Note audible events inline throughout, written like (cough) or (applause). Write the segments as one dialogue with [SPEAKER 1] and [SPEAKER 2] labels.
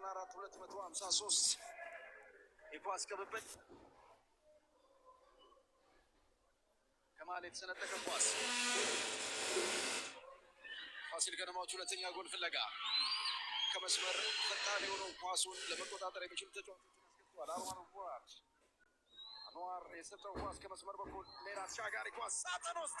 [SPEAKER 1] 94 253 የኳስ ቅብብል ከመሀል የተሰነጠቀ ኳስ። ፋሲል ከነማዎች ሁለተኛ ጎል ፍለጋ ከመስመር ፈጣን የሆነው ኳሱን ለመቆጣጠር የሚችሉ ተጫዋቾችን አስገብተዋል። አንዋር የሰጠው ኳስ ከመስመር በኩል ሌላ አሻጋሪ ኳስ ሳጥን ውስጥ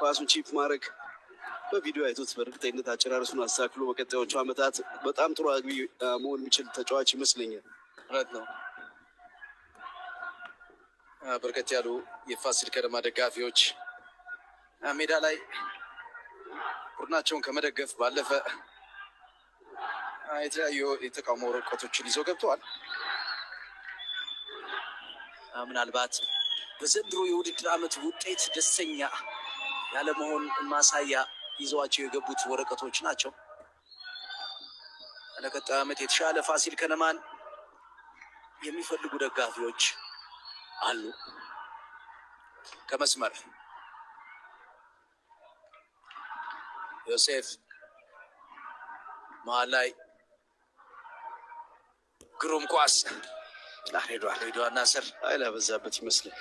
[SPEAKER 1] ኳሱን ቺፕ ማድረግ በቪዲዮ አይቶት በእርግጠኝነት አጨራረሱን አስተካክሎ በቀጣዮቹ ዓመታት በጣም ጥሩ አግቢ መሆን የሚችል ተጫዋች ይመስለኛል።
[SPEAKER 2] ረት ነው። በርከት ያሉ የፋሲል ከነማ ደጋፊዎች ሜዳ ላይ ቡድናቸውን ከመደገፍ ባለፈ የተለያዩ የተቃውሞ ወረቀቶችን ይዘው ገብተዋል።
[SPEAKER 1] ምናልባት በዘንድሮ የውድድር ዓመት ውጤት ደስተኛ ያለመሆን ማሳያ ይዘዋቸው የገቡት ወረቀቶች ናቸው። ለቀጣይ ዓመት የተሻለ ፋሲል ከነማን የሚፈልጉ ደጋፊዎች አሉ። ከመስመር ዮሴፍ መሀል ላይ ግሩም ኳስ ሄዷል። ሄዷ ናስር
[SPEAKER 2] አይላ በዛበት ይመስላል።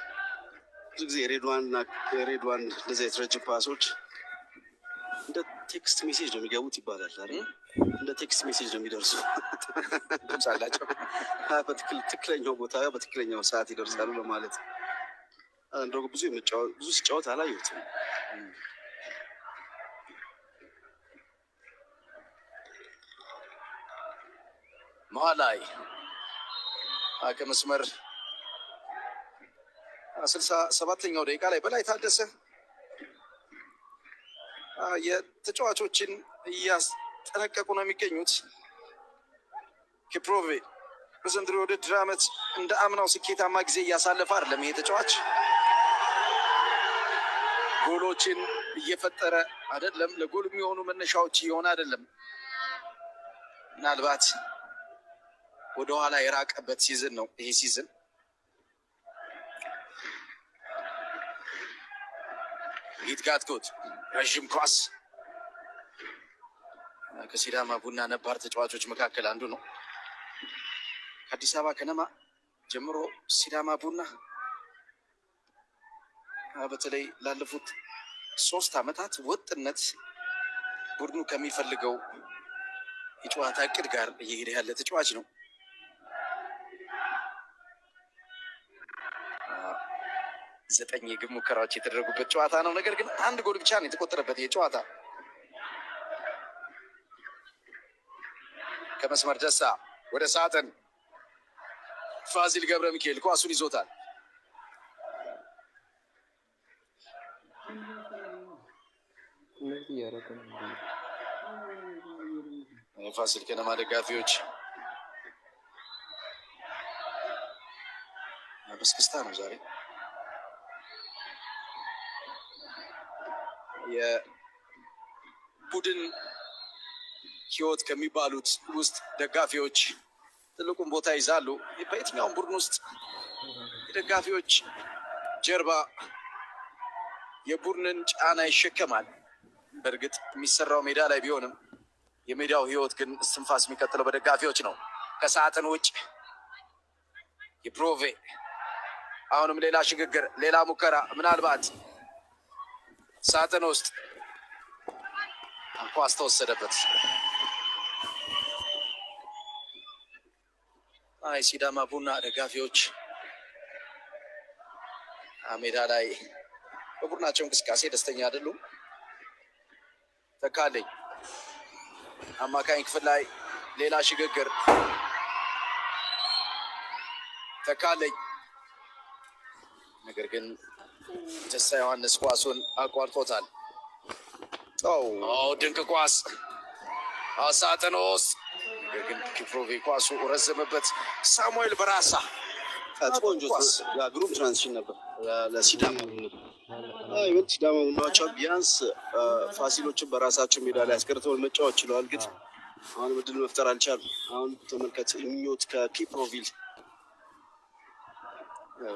[SPEAKER 2] ብዙ ጊዜ ሬድዋንና የሬድዋን እንደዚህ አይነት ፓሶች እንደ ቴክስት ሜሴጅ ነው የሚገቡት ይባላል አይደል? እንደ ቴክስት ሜሴጅ ነው የሚደርሱ ድምፅ አላቸው። በትክክለኛው ቦታ በትክክለኛው ሰዓት ይደርሳሉ ለማለት እንደው ብዙ ብዙ ሲጫወት አላየሁትም።
[SPEAKER 1] መሀል ላይ ከመስመር ስልሳ ሰባተኛው ደቂቃ ላይ በላይ ታደሰ የተጫዋቾችን እያስጠነቀቁ ነው የሚገኙት። ኪፕሮቬ በዘንድሮ የውድድር ዓመት እንደ አምናው ስኬታማ ጊዜ እያሳለፈ አይደለም። ይሄ ተጫዋች ጎሎችን እየፈጠረ አይደለም። ለጎል የሚሆኑ መነሻዎች እየሆነ አይደለም። ምናልባት ወደኋላ የራቀበት ሲዝን ነው ይሄ ሲዝን። ይትጋትኩት ረዥም ኳስ ከሲዳማ ቡና ነባር ተጫዋቾች መካከል አንዱ ነው። ከአዲስ አበባ ከነማ ጀምሮ ሲዳማ ቡና በተለይ ላለፉት ሶስት ዓመታት ወጥነት ቡድኑ ከሚፈልገው የጨዋታ እቅድ ጋር እየሄደ ያለ ተጫዋች ነው። ዘጠኝ የግብ ሙከራዎች የተደረጉበት ጨዋታ ነው። ነገር ግን አንድ ጎል ብቻ ነው የተቆጠረበት የጨዋታ ከመስመር ደሳ ወደ ሳጥን ፋሲል ገብረ ሚካኤል ኳሱን ይዞታል። ፋሲል ከነማ ደጋፊዎች በስክስታ ነው ዛሬ የቡድን ህይወት ከሚባሉት ውስጥ ደጋፊዎች ትልቁን ቦታ ይዛሉ። በየትኛውም ቡድን ውስጥ የደጋፊዎች ጀርባ የቡድንን ጫና ይሸከማል። በእርግጥ የሚሰራው ሜዳ ላይ ቢሆንም የሜዳው ህይወት ግን እስትንፋስ የሚቀጥለው በደጋፊዎች ነው። ከሰዓትን ውጭ የፕሮቬ አሁንም ሌላ ሽግግር፣ ሌላ ሙከራ ምናልባት ሳጥን ውስጥ ኳስ ተወሰደበት። አይ ሲዳማ ቡና ደጋፊዎች ሜዳ ላይ በቡድናቸው እንቅስቃሴ ደስተኛ አይደሉም። ተካለኝ አማካኝ ክፍል ላይ ሌላ ሽግግር ተካለኝ ነገር ግን ጀሳ ዮሐንስ ኳሱን አቋርጦታል። ድንቅ ኳስ ሳጥን ውስጥ ነገር ግን ኪፕሮቬ ኳሱ ረዘመበት። ሳሙኤል በራሳ
[SPEAKER 2] ግሩም ትራንዚሽን ነበር ለሲዳማ ሲዳማ ቡናዎች ቢያንስ ፋሲሎችን በራሳቸው ሜዳ ላይ አስቀርተው መጫወት ችለዋል። ግን አሁን እድል መፍጠር አልቻሉም። አሁን ተመልከት ምኞት ከኪፕሮቪል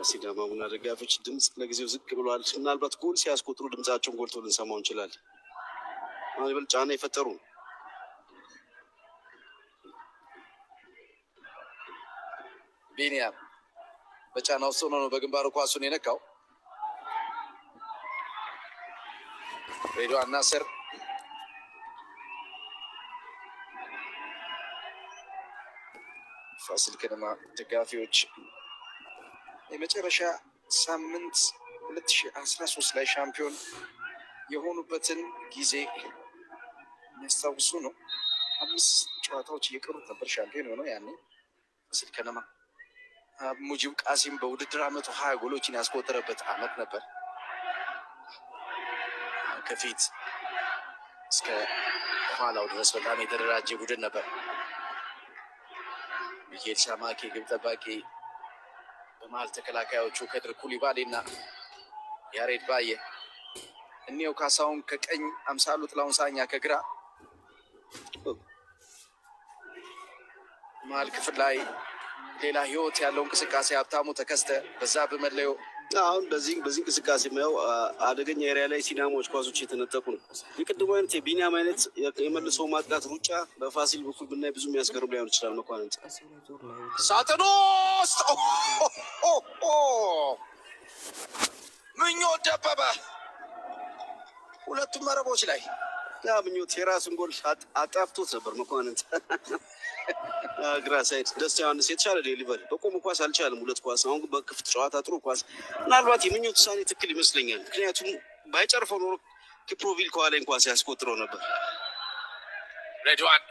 [SPEAKER 2] ሲዳማ ቡና ደጋፊዎች ድምፅ ለጊዜው ዝቅ ብሏል። ምናልባት ጎል ሲያስቆጥሩ ድምፃቸውን ጎልቶ ልንሰማው እንችላለን። ይበል ጫና የፈጠሩ
[SPEAKER 1] ቢኒያም በጫና ውስጥ ሆኖ ነው በግንባሩ ኳሱን የነካው። ሬድዋን ናስር ፋሲል ከነማ ደጋፊዎች የመጨረሻ ሳምንት 2013 ላይ ሻምፒዮን የሆኑበትን ጊዜ የሚያስታውሱ ነው። አምስት ጨዋታዎች እየቀሩት ነበር ሻምፒዮን የሆነው ያኔ ፋሲል ከነማ ሙጂብ ቃሲም በውድድር አመቱ ሀያ ጎሎችን ያስቆጠረበት አመት ነበር። ከፊት እስከ ኋላው ድረስ በጣም የተደራጀ ቡድን ነበር። ሚኬል ሻማኪ ግብ ጠባቂ መሀል ተከላካዮቹ ከድር ኩሊባሊና እና ያሬድ ባየ፣ እኒው ካሳውን ከቀኝ አምሳሉ ጥላሁን ሳኛ ከግራ መሀል ክፍል ላይ ሌላ ህይወት ያለው እንቅስቃሴ ሀብታሙ ተከስተ በዛ በመለዮ
[SPEAKER 2] አሁን በዚህ በዚህ እንቅስቃሴ የማየው አደገኛ ኤሪያ ላይ ሲዳማዎች ኳሶች የተነጠቁ ነው። የቅድሞ አይነት የቢኒያም አይነት የመልሰው ማጥቃት ሩጫ በፋሲል በኩል ብናይ ብዙ የሚያስገርም ላይሆን ይችላል። መኳንንት
[SPEAKER 1] ሳጥን ውስጥ ምኞት ደበበ ሁለቱም መረቦች ላይ ያ ምኞት የራስን ጎል አጣፍቶት ነበር መኳንንት ግራ ሳይድ ደስ ዮሐንስ የተሻለ ዴሊቨሪ በቆሙ ኳስ አልቻለም። ሁለት ኳስ አሁን በክፍት ጨዋታ ጥሩ ኳስ። ምናልባት የምኞት ውሳኔ ትክክል ይመስለኛል። ምክንያቱም ባይጨርፈው ኖሮ ኪፕሮቪል ከኋላይን ኳስ ያስቆጥረው ነበር። ሬድዋን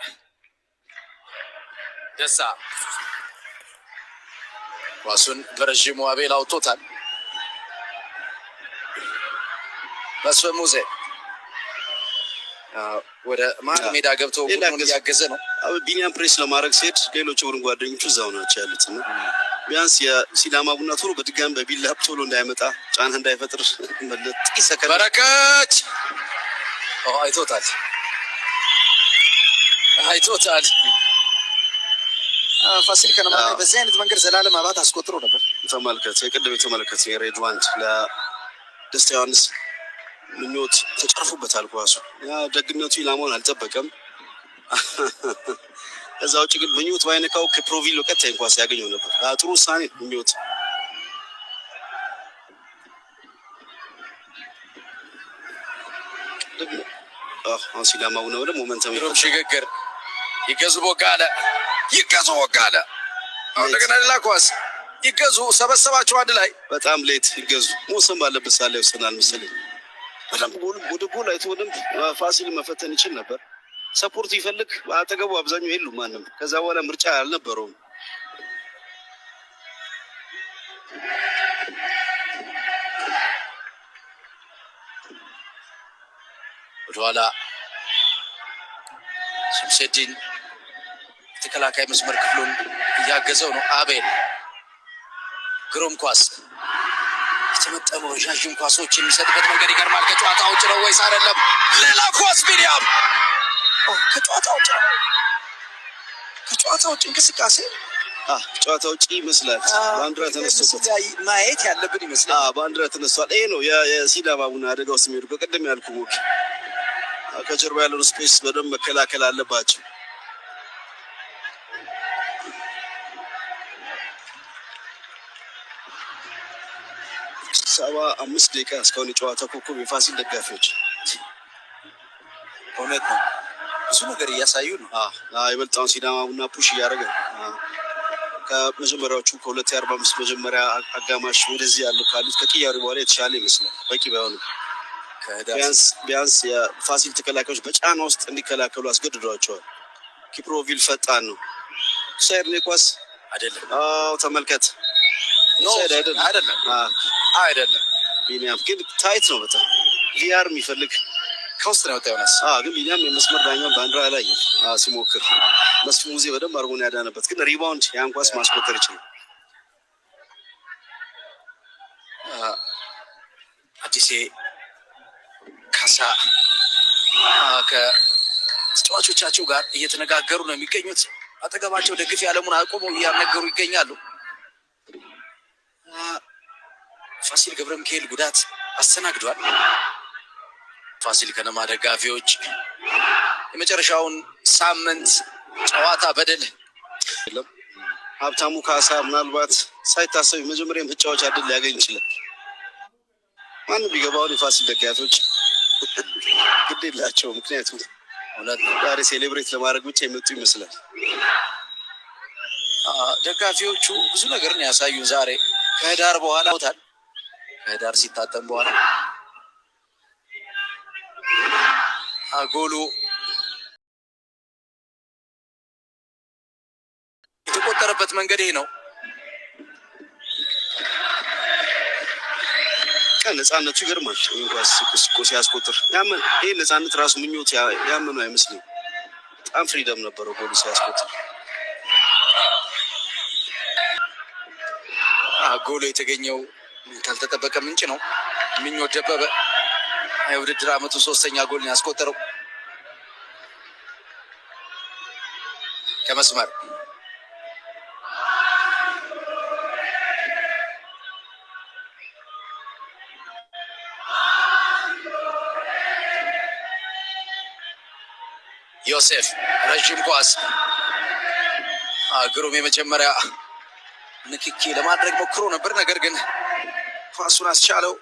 [SPEAKER 1] ደሳ ኳሱን በረዥሙ አቤል አውቶታል። መስፍን ሙዜ ወደ ማን ሜዳ ገብቶ ቡድኑን እያገዘ ነው።
[SPEAKER 2] ቢኒያም ፕሬስ ለማድረግ ሲሄድ ሌሎች ቡድን ጓደኞቹ እዛው ናቸው ያሉት እና ቢያንስ የሲዳማ ቡና ቶሎ በድጋሚ በቢላ ቶሎ እንዳይመጣ ጫና እንዳይፈጥር ጥቂት ሰከንድ
[SPEAKER 1] በረከች አይቶታል አይቶታል። ፋሲል ከነማ በዚህ አይነት መንገድ ዘላለም አባት አስቆጥሮ ነበር።
[SPEAKER 2] ተመልከት፣ የቅድም የተመለከት የሬድዋንድ ለደስታ ዮሐንስ ምኞት ተጨርፎበታል። ኳሱ ደግነቱ ኢላማውን አልጠበቀም። ከዛ ውጭ ግን ምኞት ባይነካው ከፕሮቪል ቀጥታ እንኳን ሲያገኘው ነበር። ጥሩ ውሳኔ ምኞት አሁን ሲዳማ ቡና ወደ ሞመንተም ይሮም
[SPEAKER 1] ሽግግር ይገዙ ቦጋለ ይገዙ ቦጋለ እንደገና ሌላ ኳስ ይገዙ ሰበሰባቸው አንድ ላይ
[SPEAKER 2] በጣም ሌት ይገዙ መውሰን ባለበት ሳለ ይወሰናል መሰለኝ። በጣም ወደ ጎል አይቶ ፋሲል መፈተን ይችል ነበር። ሰፖርት ይፈልግ አጠገቡ አብዛኛው የሉ ማንም። ከዛ በኋላ ምርጫ አልነበረውም።
[SPEAKER 1] ወደኋላ ሸምሴዲን ተከላካይ መስመር ክፍሉን እያገዘው ነው። አቤል ግሩም ኳስ የተመጠኑ ረዣዥም ኳሶች የሚሰጥበት መንገድ ይገርማል። ከጨዋታ ውጭ ነው ወይስ አይደለም? ሌላ ኳስ ሚዲያም ከጨዋታ ውጭ ከጨዋታ ውጭ እንቅስቃሴ
[SPEAKER 2] ጨዋታ ውጭ ይመስላል። ባንዲራ ተነስቶበት
[SPEAKER 1] ማየት ያለብን
[SPEAKER 2] ይመስላል። ባንዲራ ተነስቷል። ይሄ ነው የሲዳማ ቡና አደጋ ውስጥ የሚሄዱ በቀደም ያልኩ ሞክ ከጀርባ ያለውን ስፔስ በደንብ መከላከል አለባቸው። ሰባ አምስት ደቂቃ እስካሁን የጨዋታ ኮከብ የፋሲል ደጋፊዎች
[SPEAKER 1] እውነት ነው። ብዙ ነገር እያሳዩ ነው።
[SPEAKER 2] ይበልጣን ሲዳማ ቡና ፑሽ እያደረገ ከመጀመሪያዎቹ ከሁለት የአርባ አምስት መጀመሪያ አጋማሽ ወደዚህ ያሉ ካሉት ከቅያሪ በኋላ የተሻለ ይመስላል። በቂ ባይሆኑ ቢያንስ የፋሲል ተከላካዮች በጫና ውስጥ እንዲከላከሉ አስገድዷቸዋል። ኪፕሮቪል ፈጣን ነው። ሳይድ ኳስ አይደለም። አዎ ተመልከት፣
[SPEAKER 1] አይደለም ተመልከት አይደለም አይደለም
[SPEAKER 2] ቢኒያም ግን ታይት ነው በጣም ቪአር የሚፈልግ
[SPEAKER 1] ከውስጥ ነው የወጣው። ዮናስ
[SPEAKER 2] ግን ሚዲያም የመስመር ዳኛ ባንዲራ ላይ ሲሞክር መስፍን ሙዜ በደንብ አድርጎ ነው ያዳነበት። ግን ሪባውንድ ያን ኳስ ማስቆጠር ይችላል።
[SPEAKER 1] አዲሴ ካሳ ከተጫዋቾቻቸው ጋር እየተነጋገሩ ነው የሚገኙት። አጠገባቸው ደግፍ ያለሙን አቆመው እያነገሩ ይገኛሉ። ፋሲል ገብረ ሚካኤል ጉዳት አስተናግዷል። ፋሲል ከነማ ደጋፊዎች የመጨረሻውን ሳምንት ጨዋታ በድል
[SPEAKER 2] ሀብታሙ ካሳ ምናልባት ሳይታሰብ የመጀመሪያ መጫወቻ ድል ሊያገኝ ይችላል። ማን ቢገባውን የፋሲል ደጋፊዎች ግድ የላቸው። ምክንያቱም ዛሬ ሴሌብሬት ለማድረግ ብቻ የመጡ ይመስላል።
[SPEAKER 1] ደጋፊዎቹ ብዙ ነገርን ነው ያሳዩ። ዛሬ ከህዳር በኋላ ታል ከህዳር ሲታጠም በኋላ አጎሎ የተቆጠረበት መንገድ ይህ ነው።
[SPEAKER 2] ነጻነቱ ይገርማል። ሲያስቆጥር ይህ ነፃነት ራሱ ምኞት ያምኑ አይመስልም። በጣም ፍሪደም ነበረው ጎሉ ሲያስቆጥር።
[SPEAKER 1] ጎሎ የተገኘው ካልተጠበቀ ምንጭ ነው። ምኞት ደበበ የውድድር አመቱ ሶስተኛ ጎል ያስቆጠረው መስመር ዮሴፍ ረዥም ኳስ ግሩም የመጀመሪያ ንክኪ ለማድረግ ሞክሮ ነበር፣ ነገር ግን ኳሱን አስቻለው።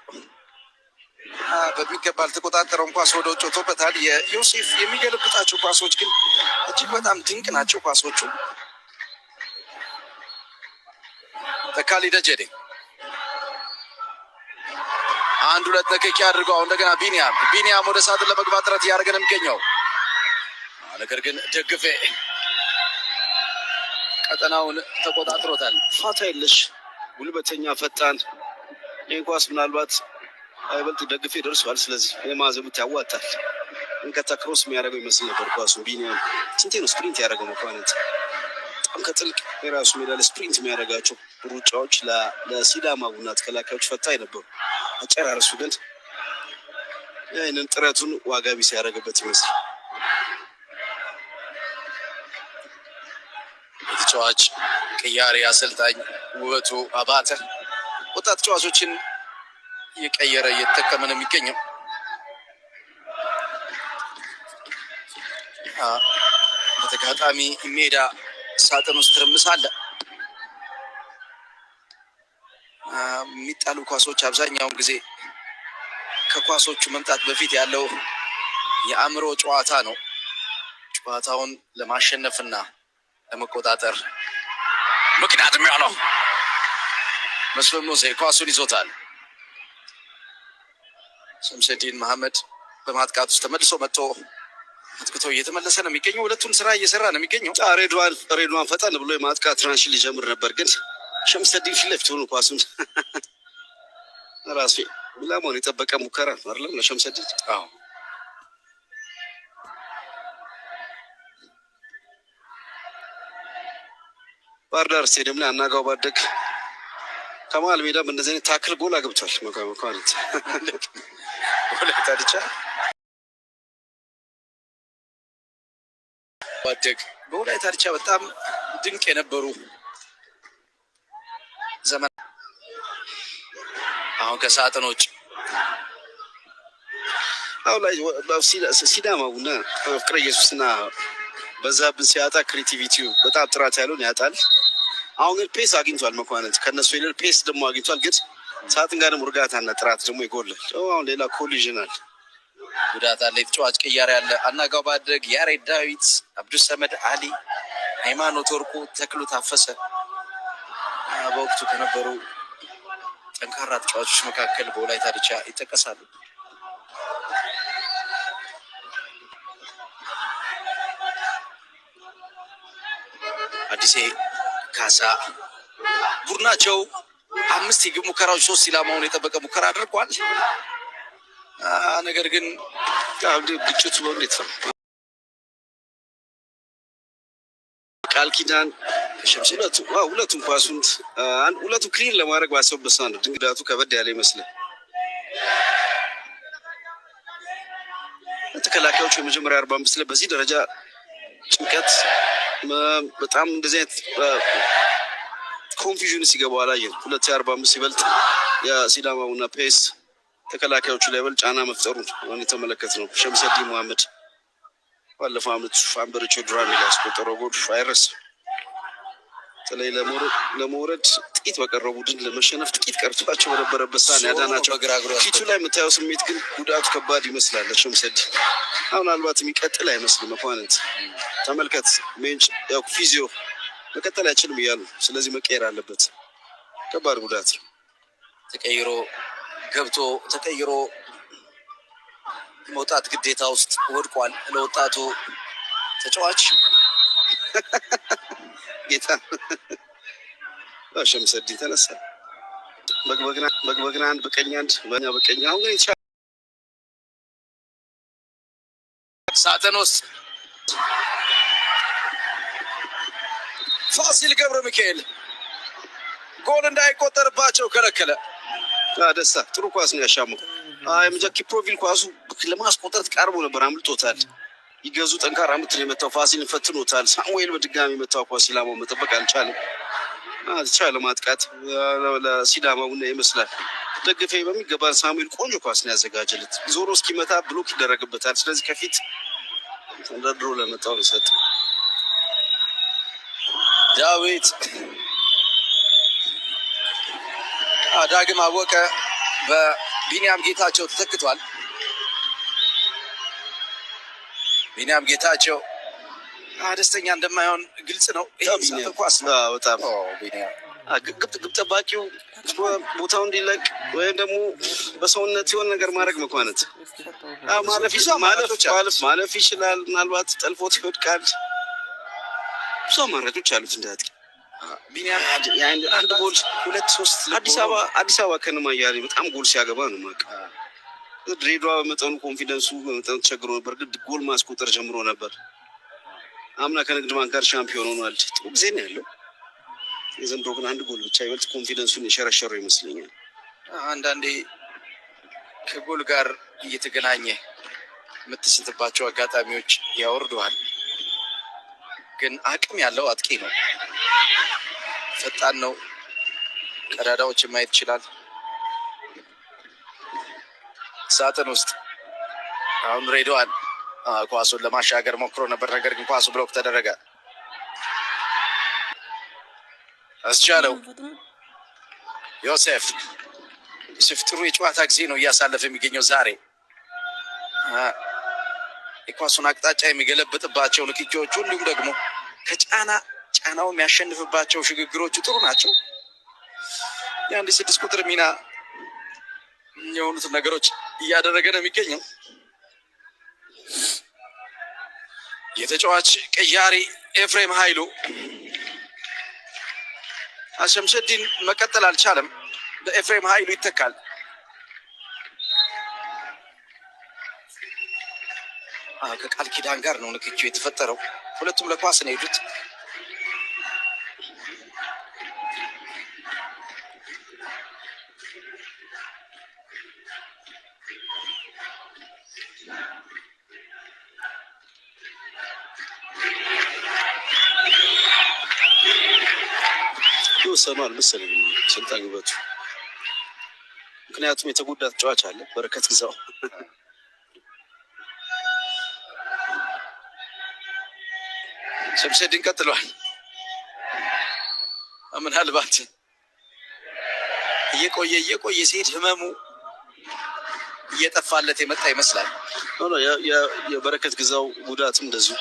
[SPEAKER 1] በሚገባ አልተቆጣጠረውም። ኳስ ወደ ውጭ ወጥቶበታል። የዮሴፍ የሚገለብጣቸው ኳሶች ግን እጅግ በጣም ድንቅ ናቸው። ኳሶቹ ተካሊ ደጀዴ አንድ ሁለት ንክኪ አድርገው እንደገና ቢኒያም ቢኒያም ወደ ሳጥን ለመግባት ጥረት እያደረገ ነው የሚገኘው። ነገር ግን ደግፌ ቀጠናውን ተቆጣጥሮታል።
[SPEAKER 2] ፋታ የለሽ ጉልበተኛ፣ ፈጣን ይህን ኳስ ምናልባት አይበልጥ ደግፌ ደርሷል። ስለዚህ የማዘሙት ያዋጣል። እንከታ ክሮስ የሚያደርገው ይመስል ነበር ኳሱ። ቢኒያም ስንቴ ነው ስፕሪንት ያደረገው መኳንንት በጣም ከጥልቅ የራሱ ሜዳ ለስፕሪንት የሚያደርጋቸው ሩጫዎች ለሲዳማ ቡና ተከላካዮች ፈታኝ ነበሩ። አጨራረሱ ግን ይህንን ጥረቱን ዋጋ ቢስ ያደረገበት ይመስል
[SPEAKER 1] ተጫዋች ቅያሬ አሰልጣኝ ውበቱ አባተ ወጣት ተጫዋቾችን እየቀየረ እየተጠቀመ ነው የሚገኘው። በተጋጣሚ ሜዳ ሳጥን ውስጥ ትርምስ አለ። የሚጣሉ ኳሶች አብዛኛውን ጊዜ ከኳሶቹ መምጣት በፊት ያለው የአእምሮ ጨዋታ ነው። ጨዋታውን ለማሸነፍና ለመቆጣጠር ምክንያት የሚሆነው መስሎን ኳሱን ይዞታል። ሸምሸዲን መሐመድ በማጥቃት ውስጥ ተመልሶ መጥቶ አጥቅቶ እየተመለሰ ነው የሚገኘው። ሁለቱን ስራ እየሰራ ነው የሚገኘው።
[SPEAKER 2] ሬድዋን ሬድዋን ፈጠን ብሎ የማጥቃት ትራንሽን ሊጀምር ነበር፣ ግን ሸምሰዲን ፊት ለፊት ኳሱን ራሱ ላሞን የጠበቀ ሙከራ አይደለም ለሸምሰዲን ባህርዳር ዳር ስቴዲየም ላይ አናጋው ባደግ ከመሀል ሜዳም እንደዚህ አይነት ታክል ጎል አግብቷል። መኳንንት ወላይታ ዲቻ
[SPEAKER 1] ማደግ በወላይታ ዲቻ በጣም ድንቅ የነበሩ ዘመን አሁን ከሳጥኖች
[SPEAKER 2] አሁን ላይ ሲዳማ ቡና ፍቅረ ኢየሱስና በዛብን ሲያጣ ክሬቲቪቲው በጣም ጥራት ያለውን ያጣል። አሁን ግን ፔስ አግኝቷል። መኳንንት ከእነሱ ይልቅ ፔስ ደግሞ አግኝቷል ግን ሳጥን ጋርም እርጋታና ጥራት ደግሞ ይጎላል። አሁን ሌላ ኮሊዥን አለ፣
[SPEAKER 1] ጉዳት አለ፣ የተጫዋች ቅያሬ አለ። አናጋው ባደግ ያሬድ ዳዊት፣ አብዱሰመድ አሊ፣ ሃይማኖት ወርቁ፣ ተክሉ ታፈሰ በወቅቱ ከነበሩ ጠንካራ ተጫዋቾች መካከል በወላይታ ድቻ ይጠቀሳሉ። አዲሴ ካሳ ቡድናቸው አምስት የግብ ሙከራዎች ሶስት ኢላማውን የጠበቀ ሙከራ አድርጓል። ነገር ግን ግጭቱ በእንዴት ነው ቃል ኪዳን ሸምስ ሁለቱም ኳሱንት ሁለቱም ክሊን ለማድረግ ባሰበሳ ነው። ድንግዳቱ ከበድ ያለ ይመስላል። ተከላካዮቹ የመጀመሪያ አርባ አምስት ላይ በዚህ ደረጃ ጭንቀት በጣም እንደዚህ አይነት ኮንፊዥን ሲገባ አላየን። ሁለት አርባ አምስት ሲበልጥ የሲዳማ ቡና ፔስ ተከላካዮቹ ላይ በል ጫና መፍጠሩን የተመለከት ነው። ሸምሰዲ መሐመድ
[SPEAKER 2] ባለፈው አመት አንበሪቾ ድራሚ ላይ ያስቆጠረው ጎል አይረሳም። በተለይ ለመውረድ ጥቂት በቀረው ቡድን ለመሸነፍ ጥቂት ቀርቷቸው በነበረበት ሳን ያዳናቸው ፊቱ ላይ የምታየው ስሜት ግን ጉዳቱ ከባድ ይመስላል። ሸምሰዲ አሁን ምናልባት የሚቀጥል አይመስልም። መኳንንት ተመልከት ሜንጭ ያው ፊዚዮ መቀጠል አይችልም እያሉ ስለዚህ መቀየር አለበት። ከባድ ጉዳት
[SPEAKER 1] ተቀይሮ ገብቶ ተቀይሮ መውጣት ግዴታ ውስጥ ወድቋል። ለወጣቱ ተጫዋች (laughs)
[SPEAKER 2] ጌታ (laughs) ሸምሰዲን ተነሳ። በግበግና አንድ በቀኝ አንድ በኛ በቀኝ አሁን ግን የተሻለ
[SPEAKER 1] ሳጥን ውስጥ ፋሲል ገብረ ሚካኤል ጎል እንዳይቆጠርባቸው ከለከለ።
[SPEAKER 2] ደስታ ጥሩ ኳስ ነው ያሻመው። የመጃ ኪፕሮቪል ኳሱ ለማስቆጠር ቀርቦ ነበር፣ አምልጦታል። ይገዙ ጠንካራ ምት ነው የመታው። ፋሲልን ፈትኖታል። ሳሙኤል በድጋሚ መታው ኳስ ሲዳማው መጠበቅ አልቻለም። አልቻለ ማጥቃት ለሲዳማ ቡና ይመስላል። ደግፌ በሚገባ ሳሙኤል ቆንጆ ኳስ ነው ያዘጋጀለት። ዞሮ እስኪመታ ብሎክ ይደረግበታል። ስለዚህ ከፊት ተንደርድሮ ለመጣው ነው የሰጠው።
[SPEAKER 1] ዳዊት ዳግም አወቀ በቢንያም ጌታቸው ተተክቷል። ቢንያም ጌታቸው ደስተኛ እንደማይሆን ግልጽ ነው። ኳስ
[SPEAKER 2] ግብ ጠባቂው ቦታው እንዲለቅ ወይም ደግሞ በሰውነት የሆነ ነገር ማድረግ መኳነት ማለፍ ይችላል። ምናልባት ጠልፎት ይወድቃል። ብዙ አማራጮች አሉት እንደ አጥቂ አዲስ አበባ ከነማ እያለ በጣም ጎል ሲያገባ ነው ማቅ ድሬዳዋ በመጠኑ ኮንፊደንሱ በመጠኑ ተቸግሮ ነበር። ግድ ጎል ማስቆጠር ጀምሮ ነበር። አምና ከንግድ ባንክ ጋር ሻምፒዮን ሆኗል። ጥሩ ጊዜ ነው ያለው። የዘንድሮ ግን አንድ ጎል ብቻ ይበልጥ ኮንፊደንሱን የሸረሸሩ ይመስለኛል።
[SPEAKER 1] አንዳንዴ ከጎል ጋር እየተገናኘ የምትስትባቸው አጋጣሚዎች ያወርደዋል። ግን አቅም ያለው አጥቂ ነው። ፈጣን ነው። ቀዳዳዎችን ማየት ይችላል። ሳጥን ውስጥ አሁን ሬድዋን ኳሱን ለማሻገር ሞክሮ ነበር፣ ነገር ግን ኳሱ ብሎክ ተደረገ። አስቻለው ዮሴፍ ዮሴፍ ጥሩ የጨዋታ ጊዜ ነው እያሳለፈ የሚገኘው ዛሬ የኳሱን አቅጣጫ የሚገለብጥባቸው ንክኪዎች ሁሉም ደግሞ ከጫና ጫናው የሚያሸንፍባቸው ሽግግሮቹ ጥሩ ናቸው። የአንድ ስድስት ቁጥር ሚና የሆኑትን ነገሮች እያደረገ ነው የሚገኘው። የተጫዋች ቀያሪ ኤፍሬም ኃይሉ አሸምሸዲን መቀጠል አልቻለም። በኤፍሬም ኃይሉ ይተካል። ከቃል ኪዳን ጋር ነው ንክኪው የተፈጠረው። ሁለቱም ለኳስ ነው የሄዱት። ይወሰኗል መሰለኝ ስልጣን ውበቱ ምክንያቱም የተጎዳ ተጫዋች አለ በረከት ግዛው ሸምሸድን ቀጥሏል። ምናልባት እየቆየ እየቆየ ሲሄድ ህመሙ እየጠፋለት የመጣ ይመስላል። የበረከት ግዛው ጉዳትም እንደዚሁ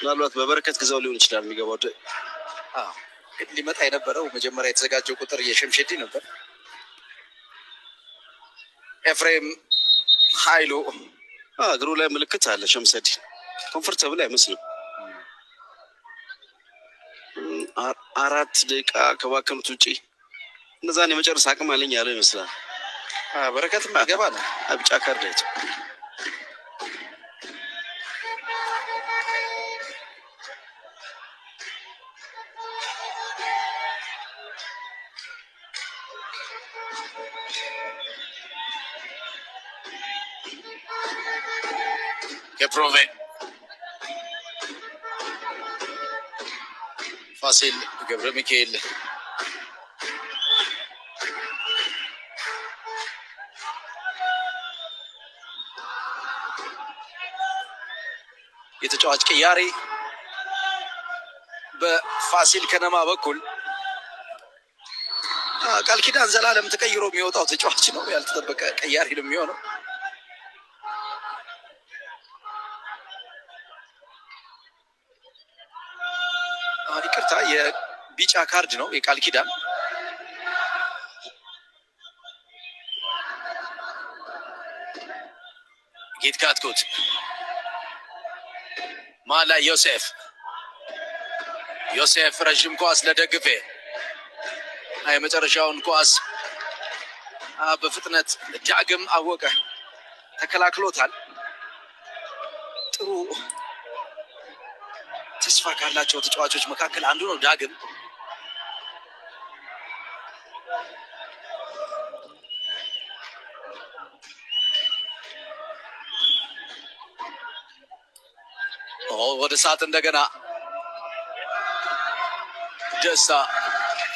[SPEAKER 1] ምናልባት በበረከት ግዛው ሊሆን ይችላል የሚገባው ሊመጣ የነበረው መጀመሪያ የተዘጋጀው ቁጥር የሸምሸዲ ነበር። ኤፍሬም ሀይሉ እግሩ ላይ ምልክት አለ። ሸምሰዲ ኮንፈርተብል አይመስልም። አራት ደቂቃ ከባከኑት ውጪ እነዛን የመጨረስ አቅም አለኝ ያለው ይመስላል። በረከትም ያገባል። ቢጫ ካርድ አይቼ ፋሲል ገብረ ሚካኤል የተጫዋች ቅያሬ በፋሲል ከነማ በኩል ቃል ኪዳን ዘላለም ተቀይሮ የሚወጣው ተጫዋች ነው። ያልተጠበቀ ቅያሬ ነው የሚሆነው። ይቅርታ ቢጫ ካርድ ነው የቃል ኪዳን ጌት ካትኮት ማላ ዮሴፍ ዮሴፍ ረዥም ኳስ ለደግፌ የመጨረሻውን ኳስ በፍጥነት ዳግም አወቀ ተከላክሎታል። ጥሩ ተስፋ ካላቸው ተጫዋቾች መካከል አንዱ ነው ዳግም። ወደ ሰዓት እንደገና ደስታ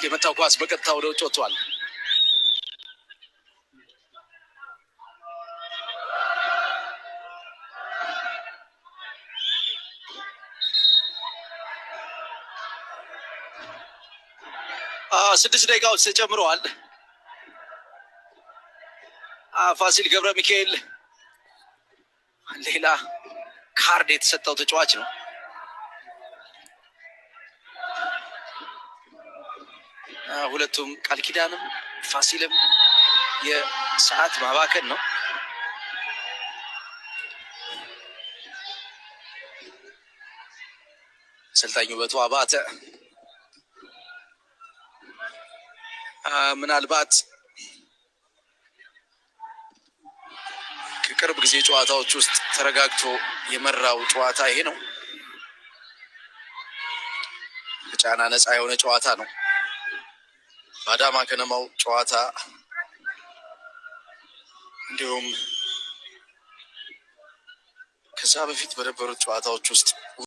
[SPEAKER 1] የመታው ኳስ በቀጥታ ወደ ውጭ ወጥቷል። ስድስት ደቂቃዎች ተጨምረዋል። ፋሲል ገብረ ሚካኤል ሌላ ካርድ የተሰጠው ተጫዋች ነው። ሁለቱም ቃል ኪዳንም ፋሲልም የሰዓት ማባከን ነው። አሰልጣኙ ውበቱ አባተ ምናልባት ከቅርብ ጊዜ ጨዋታዎች ውስጥ ተረጋግቶ የመራው ጨዋታ ይሄ ነው። ከጫና ነፃ የሆነ ጨዋታ ነው። በአዳማ ከነማው ጨዋታ እንዲሁም ከዛ በፊት በነበሩት ጨዋታዎች ውስጥ